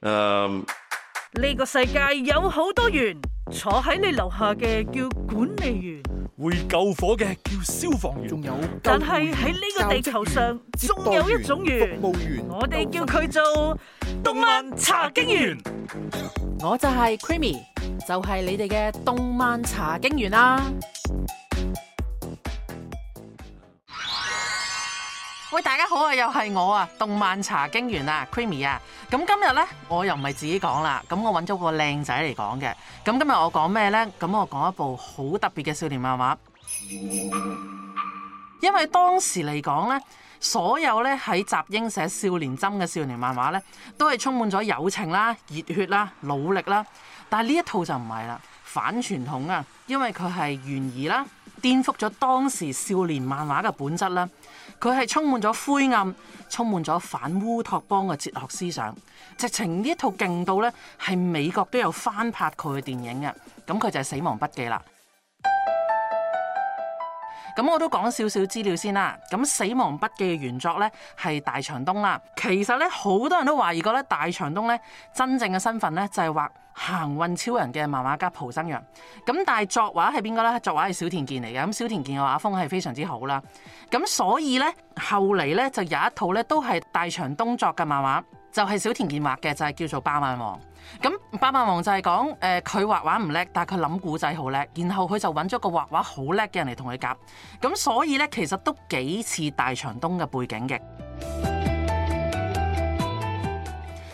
呢、um, 個世界有好多員，坐喺你樓下嘅叫管理員，會救火嘅叫消防員，仲有但係喺呢個地球上，仲有一種員，服務員，我哋叫佢做動漫查經員，我就係 Creamy，就係你哋嘅動漫查經員啦。喂，大家好啊，又係我啊，動漫查經員啊，Creamy 啊。咁、啊、今日呢，我又唔係自己講啦，咁我揾咗個靚仔嚟講嘅。咁今日我講咩呢？咁我講一部好特別嘅少年漫畫，因為當時嚟講呢，所有呢喺集英社少年針嘅少年漫畫呢，都係充滿咗友情啦、熱血啦、努力啦。但係呢一套就唔係啦，反傳統啊，因為佢係懸疑啦，顛覆咗當時少年漫畫嘅本質啦。佢係充滿咗灰暗，充滿咗反烏托邦嘅哲學思想。直情呢一套勁到咧，係美國都有翻拍佢嘅電影嘅，咁佢就係《死亡筆記》啦。咁我都講少少資料先啦。咁《死亡筆記》嘅原作呢，係大場東啦。其實呢，好多人都懷疑過大場東呢，真正嘅身份呢，就係畫《行運超人》嘅漫畫家蒲生陽。咁但係作畫係邊個呢？作畫係小田健嚟嘅。咁小田健嘅畫風係非常之好啦。咁所以呢，後嚟呢，就有一套呢，都係大場東作嘅漫畫。就係小畑健畫嘅，就係、是、叫做爆、嗯《爆漫王》呃。咁《爆漫王》就係講誒佢畫畫唔叻，但係佢諗故仔好叻。然後佢就揾咗個畫畫好叻嘅人嚟同佢夾。咁、嗯、所以呢，其實都幾似大長東嘅背景嘅。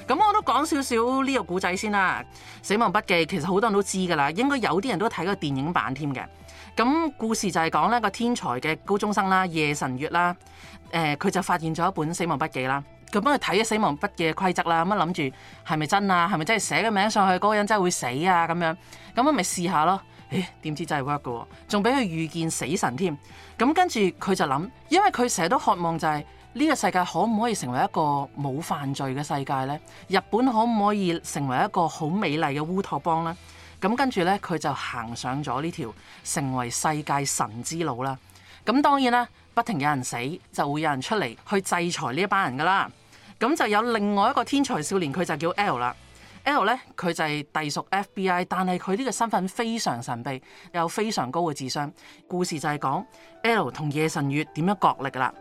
咁、 嗯、我都講少少呢個故仔先啦，《死亡筆記》其實好多人都知㗎啦，應該有啲人都睇過電影版添嘅。咁、嗯、故事就係講呢個天才嘅高中生啦，夜神月啦，誒、呃、佢就發現咗一本《死亡筆記》啦。佢幫佢睇咗《死亡筆記》嘅規則啦，咁樣諗住係咪真啊？係咪真係寫個名上去嗰、那個人真係會死啊？咁樣咁啊，咪試下咯。誒，點知真係 work 嘅喎？仲俾佢遇見死神添。咁跟住佢就諗，因為佢成日都渴望就係、是、呢、這個世界可唔可以成為一個冇犯罪嘅世界呢？日本可唔可以成為一個好美麗嘅烏托邦呢？咁跟住呢，佢就行上咗呢條成為世界神之路啦。咁當然啦，不停有人死，就會有人出嚟去制裁呢一班人噶啦。咁就有另外一個天才少年，佢就叫 L 啦。L 咧，佢就係隸屬 FBI，但係佢呢個身份非常神秘，有非常高嘅智商。故事就係講 L 同夜神月點樣角力啦。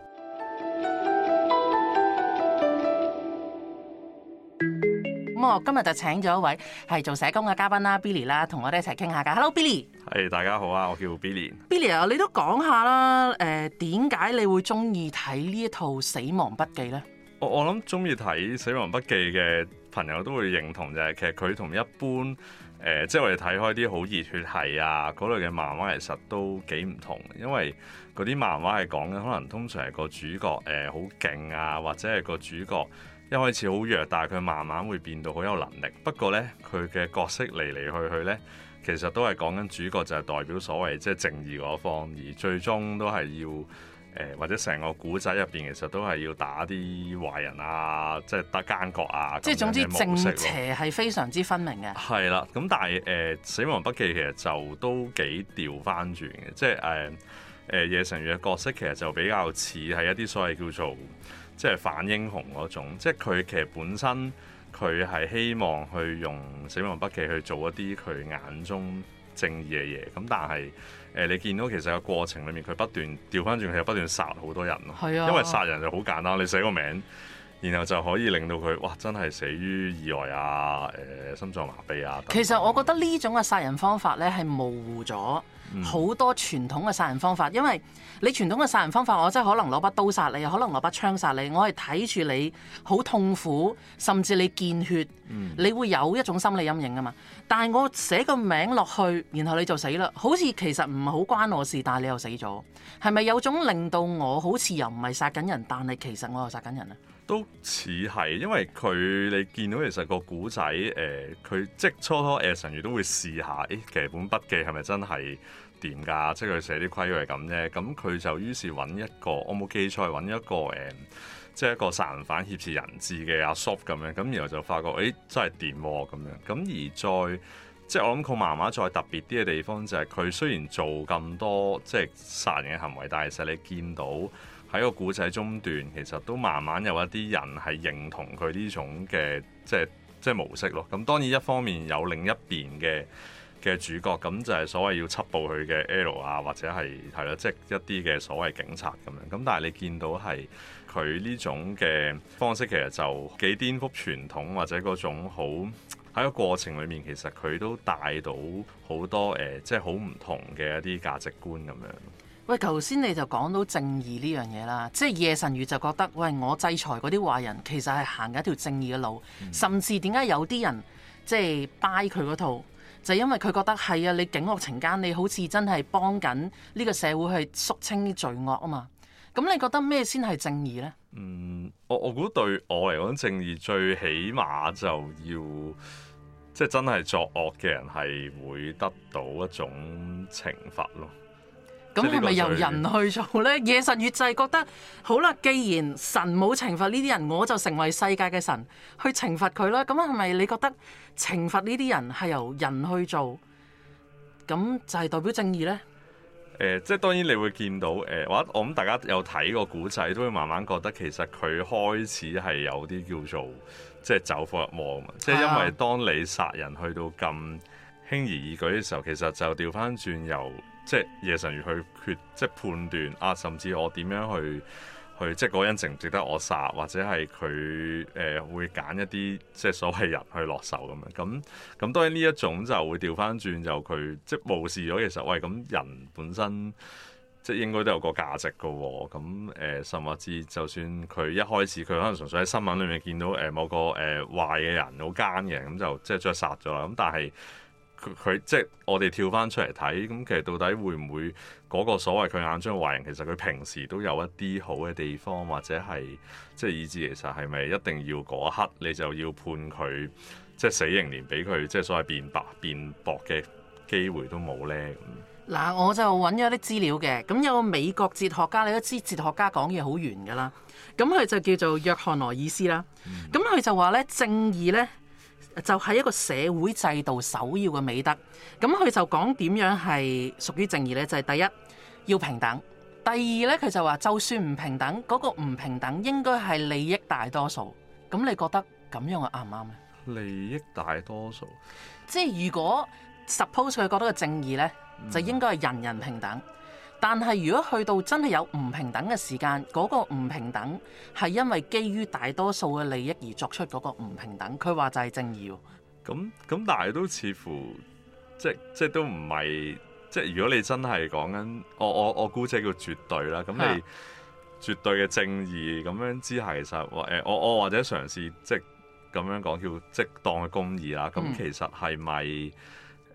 咁 我今日就請咗一位係做社工嘅嘉賓啦，Billy 啦，同我哋一齊傾下噶。Hello，Billy。係、hey, 大家好啊，我叫 Billy。Billy、呃、啊，你都講下啦。誒點解你會中意睇呢一套《死亡筆記》呢？我我諗中意睇《死亡筆記》嘅朋友都會認同就係，其實佢同一般誒、呃，即係我哋睇開啲好熱血係啊嗰類嘅漫畫，其實都幾唔同。因為嗰啲漫畫係講緊，可能通常係個主角誒好勁啊，或者係個主角一開始好弱，但係佢慢慢會變到好有能力。不過呢，佢嘅角色嚟嚟去去呢，其實都係講緊主角就係代表所謂即係正義嗰方，而最終都係要。誒或者成個古仔入邊其實都係要打啲壞人啊，即係打奸角啊，即係總之正邪係非常之分明嘅。係啦，咁但係誒、呃《死亡筆記》其實就都幾調翻轉嘅，即係誒誒夜神月嘅角色其實就比較似係一啲所謂叫做即係反英雄嗰種，即係佢其實本身佢係希望去用《死亡筆記》去做一啲佢眼中正義嘅嘢，咁但係。誒、呃，你見到其實個過程裡面，佢不斷調翻轉，佢不斷殺好多人咯。係啊、因為殺人就好簡單，你寫個名，然後就可以令到佢，哇！真係死於意外啊，誒、呃，心臟麻痹啊。其實我覺得呢種嘅殺人方法呢，係模糊咗。好、嗯、多傳統嘅殺人方法，因為你傳統嘅殺人方法，我真係可能攞把刀殺你，又可能攞把槍殺你，我係睇住你好痛苦，甚至你見血，你會有一種心理陰影㗎嘛。但係我寫個名落去，然後你就死啦。好似其實唔係好關我事，但係你又死咗，係咪有種令到我好似又唔係殺緊人，但係其實我又殺緊人咧？都似係，因為佢你見到其實個古仔誒，佢、呃、即初初 a 誒神月都會試下，欸、其實本筆記係咪真係？點㗎？即係佢寫啲規矩係咁啫。咁佢就於是揾一個，我冇記錯係揾一個誒、呃，即係一個殺人犯挾持人質嘅阿叔咁樣。咁然後就發覺，誒、哎、真係掂喎咁樣。咁而再即係我諗佢麻麻再特別啲嘅地方就係佢雖然做咁多即係殺人嘅行為，但係其實你見到喺個古仔中段，其實都慢慢有一啲人係認同佢呢種嘅即係即係模式咯。咁當然一方面有另一邊嘅。嘅主角咁就係所謂要緝捕佢嘅 L 啊，或者係係咯，即係、就是、一啲嘅所謂警察咁樣。咁但係你見到係佢呢種嘅方式，其實就幾顛覆傳統或者嗰種好喺個過程裏面，其實佢都帶到好多誒，即係好唔同嘅一啲價值觀咁樣。喂，頭先你就講到正義呢樣嘢啦，即、就、係、是、夜神月就覺得喂，我制裁嗰啲壞人其實係行緊一條正義嘅路，嗯、甚至點解有啲人即係、就是、拜佢嗰套？就因為佢覺得係啊，你警惡懲奸，你好似真係幫緊呢個社會去肅清啲罪惡啊嘛。咁你覺得咩先係正義呢？嗯，我我估對我嚟講，正義最起碼就要，即係真係作惡嘅人係會得到一種懲罰咯。咁係咪由人去做呢？夜神月就覺得好啦，既然神冇懲罰呢啲人，我就成為世界嘅神去懲罰佢啦。咁係咪你覺得懲罰呢啲人係由人去做？咁就係代表正義呢？呃、即係當然你會見到誒，或、呃、者我諗大家有睇過古仔，都會慢慢覺得其實佢開始係有啲叫做即係走火入魔啊嘛。即係因為當你殺人去到咁輕而易舉嘅時候，其實就調翻轉由。即係夜神如去決即係判斷啊，甚至我點樣去去即係嗰個人值唔值得我殺，或者係佢誒會揀一啲即係所謂人去落手咁樣。咁咁當然呢一種就會調翻轉，就佢即係無視咗其實喂咁人本身即係應該都有個價值嘅喎、哦。咁誒、呃，甚至就算佢一開始佢可能純粹喺新聞裏面見到誒、呃、某個誒、呃、壞嘅人好奸嘅，咁就即係將佢殺咗啦。咁但係，佢即係我哋跳翻出嚟睇，咁其實到底會唔會嗰個所謂佢眼中壞人，其實佢平時都有一啲好嘅地方，或者係即係以至其實係咪一定要嗰刻你就要判佢即係死刑連俾佢，即係所謂辯白辯駁嘅機會都冇呢。嗱，我就揾咗啲資料嘅，咁有個美國哲學家，你都知哲學家講嘢好圓㗎啦，咁佢就叫做約翰羅爾斯啦，咁佢就話呢，正義呢，」就係一個社會制度首要嘅美德，咁佢就講點樣係屬於正義呢？就係、是、第一要平等，第二呢，佢就話就算唔平等，嗰、那個唔平等應該係利益大多數。咁你覺得咁樣嘅啱唔啱呢？利益大多數，即係如果 suppose 佢覺得個正義呢，嗯、就應該係人人平等。但係如果去到真係有唔平等嘅時間，嗰、嗰個唔平等係因為基於大多數嘅利益而作出嗰個唔平等，佢話就係正義。咁咁，但係都似乎即即都唔係即，如果你真係講緊，我我我估即叫絕對啦。咁你絕對嘅正義咁樣之下，其實我我或者嘗試即咁樣講叫適當嘅公義啦。咁其實係咪？嗯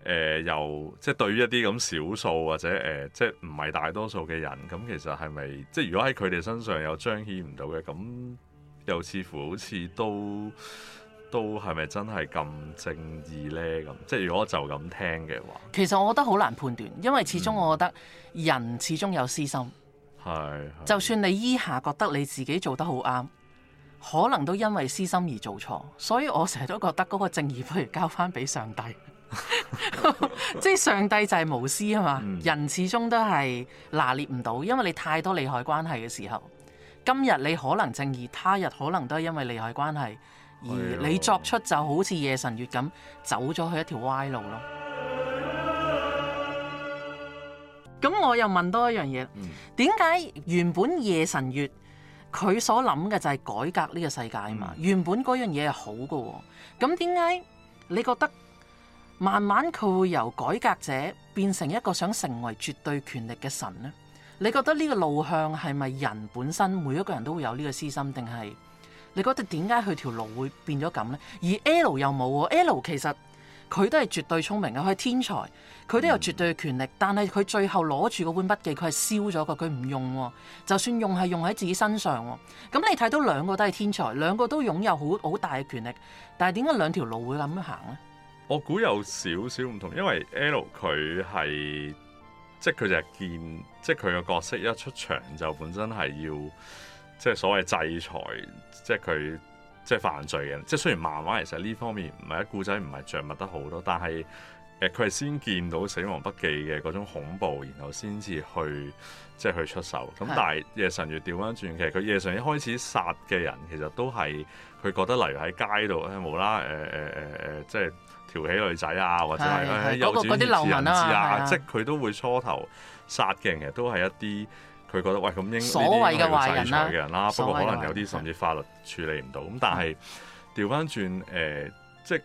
誒、呃、又即係對於一啲咁少數或者誒、呃、即係唔係大多數嘅人咁、嗯，其實係咪即係如果喺佢哋身上又彰顯唔到嘅咁，又似乎好似都都係咪真係咁正義呢？咁即係如果就咁聽嘅話，其實我覺得好難判斷，因為始終我覺得人始終有私心，係、嗯、就算你依下覺得你自己做得好啱，可能都因為私心而做錯，所以我成日都覺得嗰個正義不如交翻俾上帝。 即係上帝就係無私啊嘛，嗯、人始終都係拿捏唔到，因為你太多利害關係嘅時候，今日你可能正義，他日可能都係因為利害關係而你作出就好似夜神月咁走咗去一條歪路咯。咁、嗯、我又問多一樣嘢，點解原本夜神月佢所諗嘅就係改革呢個世界啊嘛？嗯、原本嗰樣嘢係好噶、哦，咁點解你覺得？慢慢佢會由改革者變成一個想成為絕對權力嘅神呢？你覺得呢個路向係咪人本身每一個人都會有呢個私心，定係你覺得點解佢條路會變咗咁呢？而 L 又冇喎，L 其實佢都係絕對聰明嘅，佢係天才，佢都有絕對權力，但係佢最後攞住嗰本筆記，佢係燒咗佢，佢唔用，就算用係用喺自己身上。咁你睇到兩個都係天才，兩個都擁有好好大嘅權力，但係點解兩條路會咁樣行呢？我估有少少唔同，因為 L 佢係，即係佢就係見，即係佢個角色一出場就本身係要即係所謂制裁，即係佢即係犯罪嘅。即係雖然漫畫其實呢方面唔係，喺故仔唔係著墨得好多，但係，誒，佢係先見到死亡筆記嘅嗰種恐怖，然後先至去即係去出手。咁但係夜神月調翻轉，其實佢夜神一開始殺嘅人其實都係，佢覺得例如喺街度，誒、哎，冇啦誒，誒、呃，誒、呃，誒、呃呃，即係。調起女仔啊，或者係有啲流氓啊，啊的即係佢都會初頭殺嘅，其實都係一啲佢覺得喂咁應該所謂嘅壞人嘅壞人啦，不過可能有啲甚至法律處理唔到。咁、啊、但係調翻轉誒，即係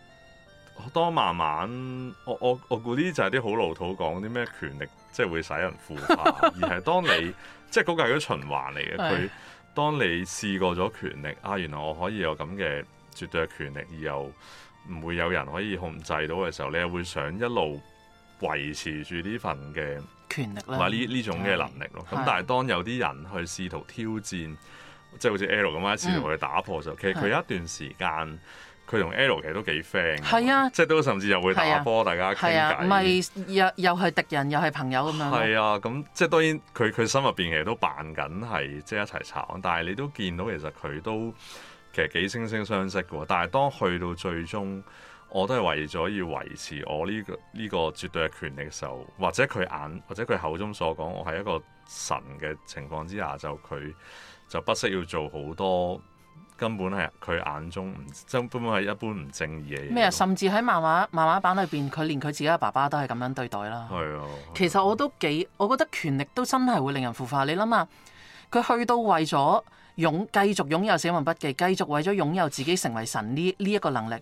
當慢慢我我我估啲就係啲好老土講啲咩權力，即係會使人腐化， 而係當你 即係嗰個係個循環嚟嘅。佢當你試過咗權力啊，原原啊原，原來我可以有咁嘅絕對嘅權力，而又。唔會有人可以控制到嘅時候，你會想一路維持住呢份嘅權力啦，同埋呢呢種嘅能力咯。咁但係當有啲人去試圖挑戰，即係好似 L 咁樣，試圖去打破就，其實佢一段時間佢同 L 其實都幾 friend 嘅，係啊，即係都甚至又會打波，大家傾偈，咪又又係敵人又係朋友咁樣。係啊，咁即係當然佢佢心入邊其實都扮緊係即係一齊查，但係你都見到其實佢都。其實幾惺惺相惜嘅，但係當去到最終，我都係為咗要維持我呢個呢個絕對嘅權力嘅時候，或者佢眼，或者佢口中所講，我係一個神嘅情況之下，就佢就不惜要做好多根本係佢眼中，根本係一般唔正義嘅嘢。咩啊？甚至喺漫畫漫畫版裏邊，佢連佢自己嘅爸爸都係咁樣對待啦。係啊，其實我都幾，我覺得權力都真係會令人腐化。你諗下，佢去到為咗。擁繼續擁有死亡筆記，繼續為咗擁有自己成為神呢呢一個能力，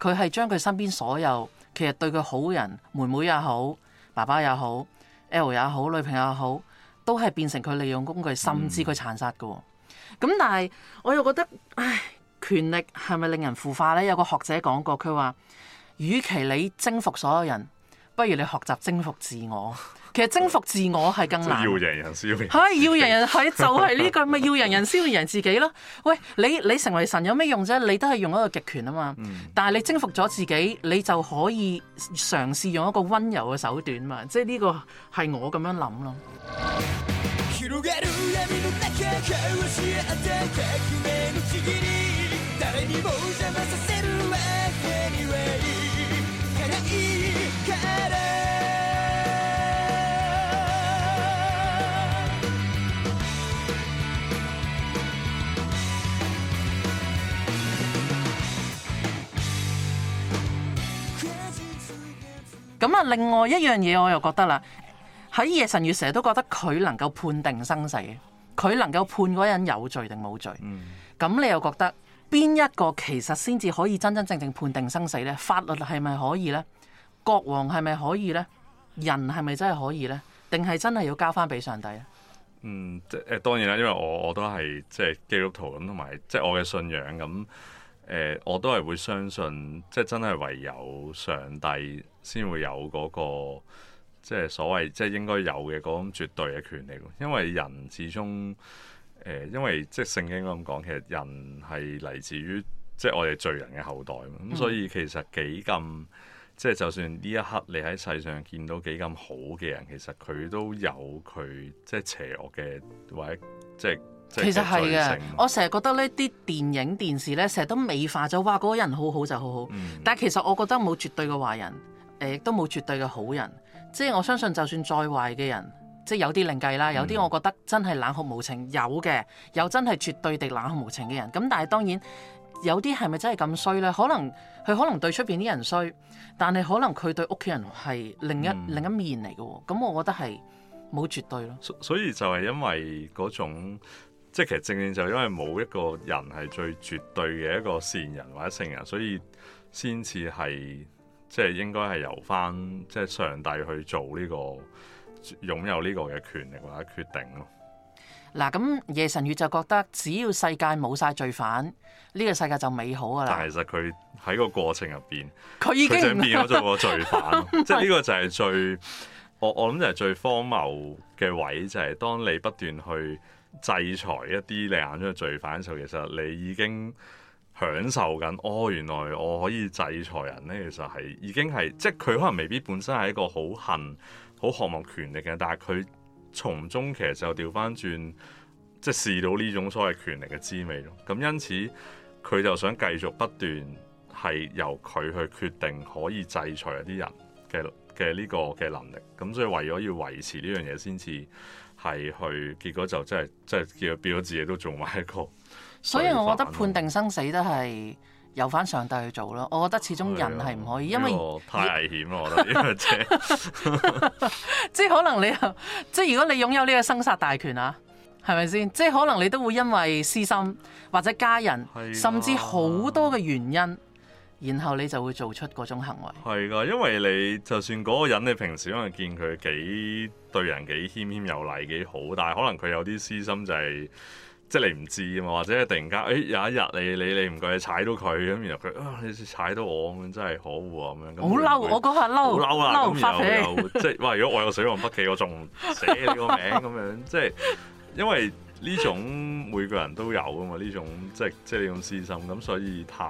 佢係將佢身邊所有其實對佢好人，妹妹也好，爸爸也好，L 也好，女朋友也好，都係變成佢利用工具，甚至佢殘殺嘅。咁、嗯、但係我又覺得，唉，權力係咪令人腐化咧？有個學者講過，佢話，與其你征服所有人。不如你學習征服自我，其實征服自我係更難。 要贏人要贏人先，係要贏人係就係呢句：「咪要贏人先要贏自己咯。 喂，你你成為神有咩用啫？你都係用一個極權啊嘛。但係你征服咗自己，你就可以嘗試用一個溫柔嘅手段嘛。即係呢個係我咁樣諗咯。 咁啊，另外一樣嘢我又覺得啦，喺夜神月成日都覺得佢能夠判定生死，佢能夠判嗰人有罪定冇罪。咁、嗯、你又覺得邊一個其實先至可以真真正正判定生死呢？法律係咪可以呢？國王係咪可以呢？人係咪真係可以呢？定係真係要交翻俾上帝呢？嗯，即係當然啦，因為我我都係即係基督徒咁，同埋即係我嘅信仰咁。誒、呃，我都係會相信，即係真係唯有上帝先會有嗰、那個，即係所謂即係應該有嘅嗰種絕對嘅權利。因為人始終，誒、呃，因為即係聖經咁講，其實人係嚟自於即係我哋罪人嘅後代，咁、嗯、所以其實幾咁，即係就算呢一刻你喺世上見到幾咁好嘅人，其實佢都有佢即係邪惡嘅，或者即係。其實係嘅，性我成日覺得呢啲電影電視呢，成日都美化咗，話嗰、嗰個人好好就好好。嗯、但係其實我覺得冇絕對嘅壞人，誒、亦都冇絕對嘅好人。即係我相信，就算再壞嘅人，即係有啲另計啦。有啲我覺得真係冷酷無情，嗯、有嘅有真係絕對地冷酷無情嘅人。咁但係當然有啲係咪真係咁衰呢？可能佢可能對出邊啲人衰，但係可能佢對屋企人係另一、嗯、另一面嚟嘅。咁我覺得係冇絕對咯。所以就係因為嗰種。即係其實正正就因為冇一個人係最絕對嘅一個善人或者聖人，所以先至係即係應該係由翻即係上帝去做呢個擁有呢個嘅權力或者決定咯。嗱，咁夜神月就覺得只要世界冇晒罪犯，呢個世界就美好噶啦。但係其實佢喺個過程入邊，佢已經就變咗做個罪犯。 是即係呢個就係最我我諗就係最荒謬嘅位，就係當你不斷去。制裁一啲你眼中嘅罪犯嘅時候，其實你已經享受緊哦，原來我可以制裁人呢，其實係已經係即係佢可能未必本身係一個好恨、好渴望權力嘅，但係佢從中其實就調翻轉，即係試到呢種所謂權力嘅滋味咯。咁因此佢就想繼續不斷係由佢去決定可以制裁一啲人嘅嘅呢個嘅能力。咁所以為咗要維持呢樣嘢，先至。係去，結果就真係，真係叫變咗自己都做埋一個。所以我覺得判定生死都係由返上帝去做咯。我覺得始終人係唔可以，的因為,因為太危險啦。我覺得呢個車，即係可能你，即係如果你擁有呢個生殺大權啊，係咪先？即係可能你都會因為私心或者家人，的甚至好多嘅原因。然後你就會做出嗰種行為。係噶，因為你就算嗰個人，你平時可能見佢幾對人幾謙謙有禮幾好，但係可能佢有啲私心就係、是，即係你唔知啊嘛，或者突然間，誒、哎、有一日你你你唔覺意踩到佢咁，然後佢啊，你踩到我，咁真係可惡啊咁樣。好嬲！我嗰下嬲，好嬲發又，發即係哇！如果我有死亡筆記，我仲寫你個名咁樣，即係 因為。呢種每個人都有啊嘛，呢種即係即係呢種私心，咁所以太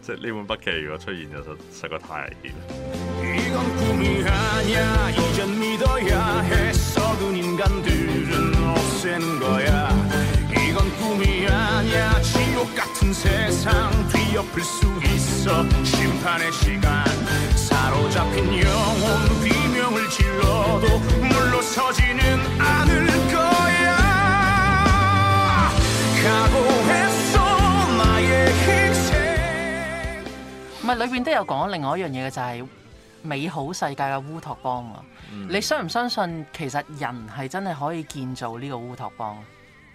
即係呢本筆記如果出現，就實實在太危險。 裏邊都有講另外一樣嘢嘅，就係、是、美好世界嘅烏托邦啊！嗯、你相唔相信，其實人係真係可以建造呢個烏托邦？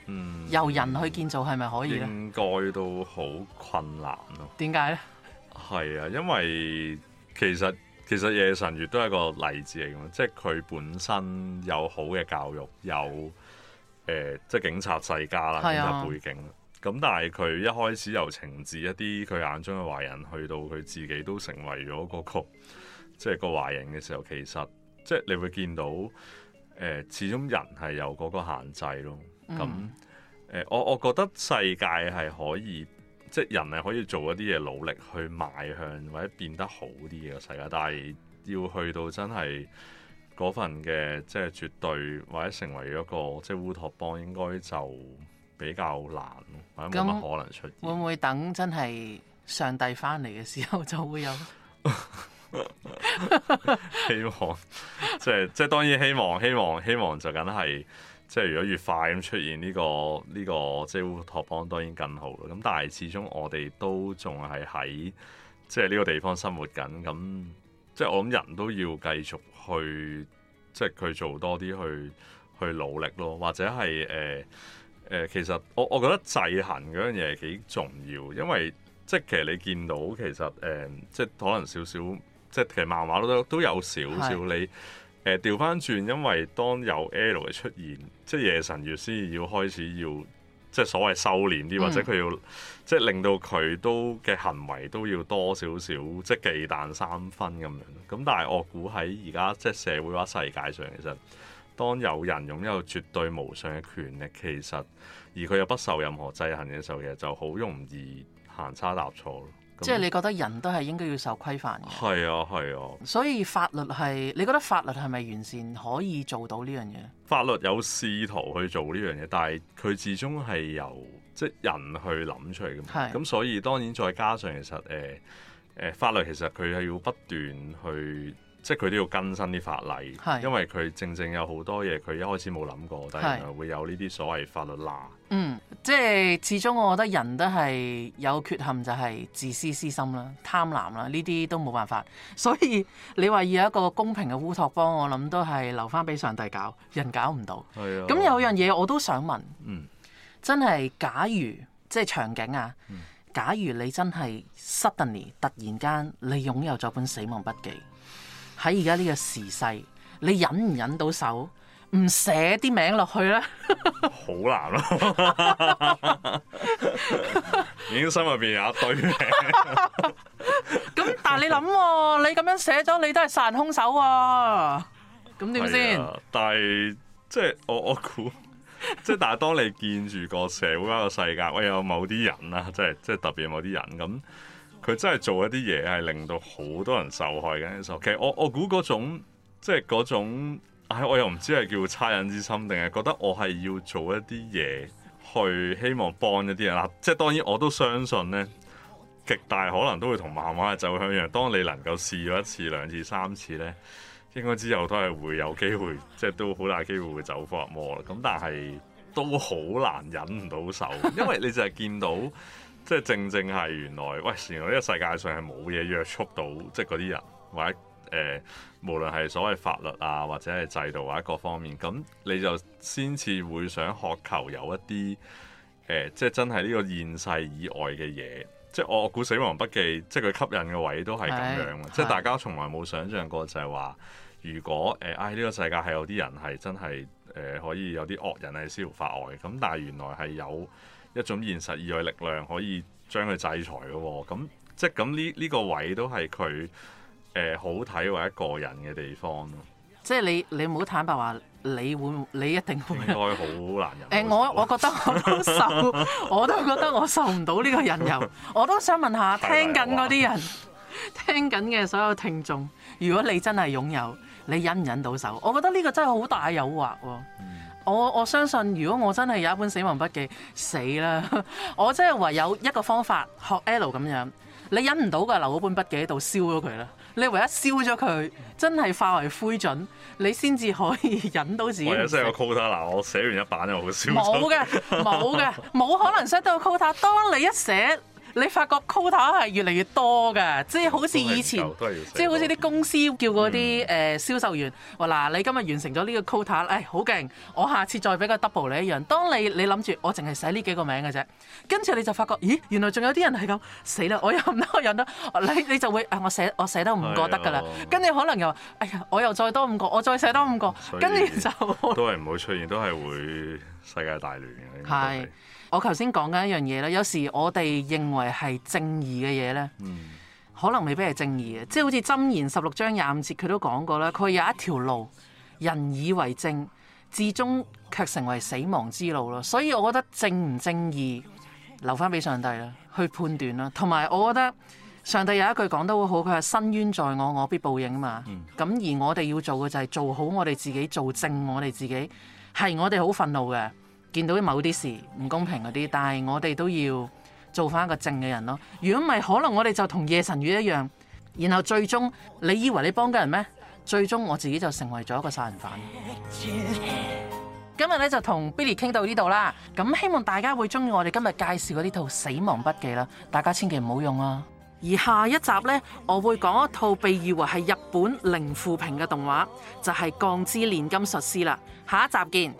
嗯，由人去建造係咪可以咧？應該都好困難咯、啊。點解呢？係啊，因為其實其實夜神月都係個例子嚟噶，即係佢本身有好嘅教育，有誒、即、呃、係、就是、警察世家啦，啊、警察背景。咁但係佢一開始由懲治一啲佢眼中嘅壞人，去到佢自己都成為咗、那個即係、就是、個壞人嘅時候，其實即係、就是、你會見到誒、呃，始終人係有嗰個限制咯。咁、嗯、誒、呃，我我覺得世界係可以即係、就是、人係可以做一啲嘢，努力去邁向或者變得好啲嘅世界，但係要去到真係嗰份嘅即係絕對或者成為一個即係、就是、烏托邦，應該就比較難咯，冇乜可能出現。會唔會等真係上帝翻嚟嘅時候就會有？ 希望即係即係， 即係即係、當然希望希望希望就梗係即係，即係、如果越快咁出現呢個呢個即係烏托邦，當然更好啦。咁但係始終我哋都仲係喺即係呢個地方生活緊，咁即係我諗人都要繼續去即係佢做多啲去去努力咯，或者係誒。呃誒，其實我我覺得制衡嗰樣嘢係幾重要，因為即係其實你見到其實誒、嗯，即係可能少少，即係其實漫畫都都有少少是你誒調翻轉，因為當有 L 嘅出現，即係夜神如斯夜神月先至要開始要即係所謂收斂啲，或者佢要、嗯、即係令到佢都嘅行為都要多少少即係忌憚三分咁樣。咁但係我估喺而家即係社會話世界上其實。當有人擁有絕對無上嘅權力，其實而佢又不受任何制衡嘅時候，其實就好容易行差踏錯咯。即係你覺得人都係應該要受規範嘅？係啊，係啊。所以法律係你覺得法律係咪完善可以做到呢樣嘢？法律有試圖去做呢樣嘢，但係佢始終係由即人去諗出嚟嘅。咁所以當然再加上其實誒、呃呃、法律其實佢係要不斷去。即係佢都要更新啲法例，是因為佢正正有好多嘢佢一開始冇諗過，是但係會有呢啲所謂法律罅。嗯，即係始終我覺得人都係有缺陷，就係自私私心啦、貪婪啦，呢啲都冇辦法。所以你話要一個公平嘅烏托邦，我諗都係留翻俾上帝搞，人搞唔到。咁、啊、有樣嘢我都想問，嗯、真係假如即係場景啊，假如你真係 Suddenly 突然間你擁有咗本死亡筆記。睇而家呢個時勢，你忍唔忍到手？唔寫啲名落去咧，好難咯！已經心入邊有一堆名。咁 但係你諗，你咁樣寫咗，你都係殺人兇手喎，啊！咁點先？但係即係我我估，即係但係當你見住個社會一個世界，我有某啲人啦，即係即係特別某啲人咁。佢真係做一啲嘢，係令到好多人受害嘅。其實我我估嗰種，即係嗰種，唉、哎，我又唔知係叫惻隱之心，定係覺得我係要做一啲嘢，去希望幫一啲人。嗱、啊，即係當然我都相信呢，極大可能都會同漫畫嘅走向一樣。當你能夠試咗一次、兩次、三次呢，應該之後都係會有機會，即係都好大機會會走火入魔。咁但係都好難忍唔到手，因為你就係見到。即係正正係原來，喂，原來呢個世界上係冇嘢約束到，即係嗰啲人，或者誒、呃，無論係所謂法律啊，或者係制度，或者各方面，咁你就先至會想渴求有一啲誒、呃，即係真係呢個現世以外嘅嘢。即係我我估《死亡筆記》，即係佢吸引嘅位都係咁樣，是即係大家從來冇想象過就係話，如果誒，唉、呃，呢、哎呢個世界係有啲人係真係誒、呃、可以有啲惡人係逍遙法外，咁但係原來係有。一種現實以外力量可以將佢制裁嘅喎、哦，咁即係咁呢呢個位都係佢誒好睇或者個人嘅地方咯。即係你你唔好坦白話，你會你一定會應該好難人誒、呃，我我覺得我都受， 我都覺得我受唔到呢個引誘。我都想問下聽緊嗰啲人， 聽緊嘅所有聽眾，如果你真係擁有，你能能忍唔忍到手？我覺得呢個真係好大誘惑喎、哦。嗯我我相信，如果我真係有一本死亡筆記，死啦！ 我真係唯有一個方法學 L 咁樣，你忍唔到㗎，留嗰本筆記喺度燒咗佢啦。你唯一燒咗佢，真係化為灰燼，你先至可以忍到自己寫。我有 set 個 quota，嗱，我寫完一版又好燒。冇 嘅，冇嘅，冇可能 set 到個 quota。當你一寫。你發覺 quota 係越嚟越多㗎，即係好似以前，即係好似啲公司叫嗰啲誒銷售員話嗱，嗯、你今日完成咗呢個 quota，誒、哎、好勁，我下次再俾個 double 你一樣。當你你諗住我淨係寫呢幾個名嘅啫，跟住你就發覺，咦原來仲有啲人係咁，死啦，我有咁多人都你你就會誒我寫我寫多五個得㗎啦，跟住、啊、可能又哎呀我又再多五個，我再寫多五個，跟住以就都係唔會出現，都係會。世界大亂嘅，係我頭先講緊一樣嘢咧。有時我哋認為係正義嘅嘢呢，可能未必係正義嘅。即係好似《箴言》十六章廿五節，佢都講過咧。佢有一條路，人以為正，至終卻成為死亡之路咯。所以，我覺得正唔正義，留翻俾上帝啦，去判斷啦。同埋，我覺得上帝有一句講得好，佢話：伸冤在我，我必報應啊嘛。咁、嗯、而我哋要做嘅就係做好我哋自己，做正我哋自己。係我哋好憤怒嘅，見到啲某啲事唔公平嗰啲，但係我哋都要做翻一個正嘅人咯。如果唔係，可能我哋就同夜神月一樣，然後最終你以為你幫緊人咩？最終我自己就成為咗一個殺人犯。 今日咧就同 Billy 傾到呢度啦，咁希望大家會中意我哋今日介紹嘅呢套《死亡筆記》啦，大家千祈唔好用啊！而下一集呢，我會講一套被譽為係日本零負評嘅動畫，就係《鋼之煉金術師》啦。下一集見。